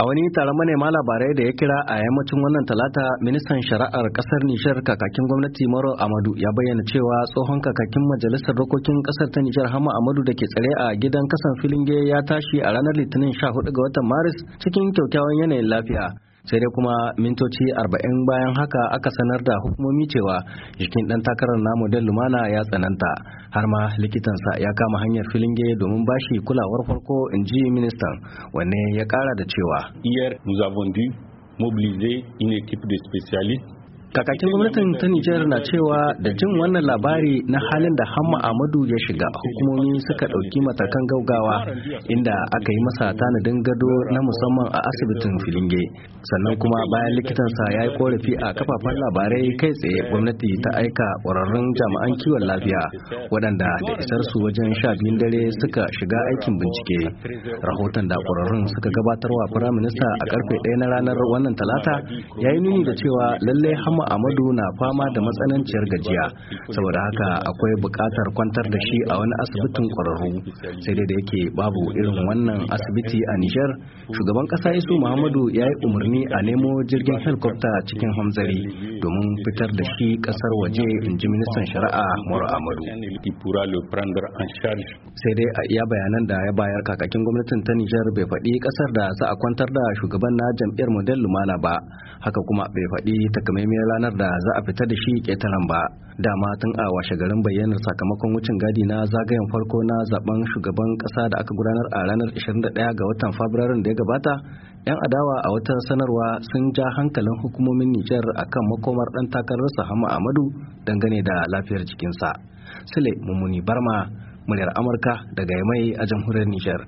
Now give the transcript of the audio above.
A wani taron manema labarai da ya kira a yammacin wannan talata ministan shari'ar kasar Nishar, kakakin gwamnati Maro Amadu ya bayyana cewa tsohon kakakin majalisar dokokin kasar ta Nishar Hama Amadu da ke tsare a gidan kasan Filinge ya tashi a ranar Litinin 14 ga watan Maris cikin kyaukyawan yanayin lafiya. sai dai kuma mintoci 40 bayan haka aka sanar da hukumomi cewa jikin dan takarar namu dan lumana ya tsananta har ma likitansa ya kama hanyar filinge domin bashi kulawar farko in ji ministan wanne ya kara da cewa iyar nous avons dû mobiliser une équipe de spécialistes Kakakin gwamnatin ta Nijar na cewa da jin wannan labari na halin da Hamma Ahmadu ya shiga hukumomi suka ɗauki matakan gaugawa inda aka yi masa tanadin gado na musamman a asibitin Filinge. Sannan kuma bayan likitansa ya yi korafi a kafafen labarai kai tsaye gwamnati ta aika ƙwararrun jami'an kiwon lafiya waɗanda da isar su wajen sha biyun dare suka shiga aikin bincike. Rahoton da ƙwararrun suka gabatarwa Firaminista a karfe ɗaya na ranar wannan talata ya yi nuni da cewa lallai Hamma Mamu Amadu na fama da matsananciyar gajiya saboda haka akwai buƙatar kwantar da shi a wani asibitin ƙwararru sai dai da yake babu irin wannan asibiti a Nijar shugaban ƙasa Isu Muhammadu ya yi umarni a nemo jirgin helikwafta cikin hamzari domin fitar da shi ƙasar waje in ji ministan shari'a Moro Amadu. Sai dai a iya bayanan da ya bayar kakakin gwamnatin ta Nijar bai faɗi kasar da za a kwantar da shugaban na jam'iyyar Model Lumana ba haka kuma bai faɗi takamaimiyar ranar da za a fita da shi ƙetaren ba dama tun a washe garin bayyanar sakamakon wucin gadi na zagayen farko na zaben shugaban ƙasa da aka gudanar a ranar 21 ga watan fabrairun da ya gabata 'yan adawa a wata sanarwa sun ja hankalin hukumomin nijar a kan makomar ɗan takarar hama amadu dangane da lafiyar jikinsa sule mummuni barma muryar amurka daga mai a jamhuriyar nijar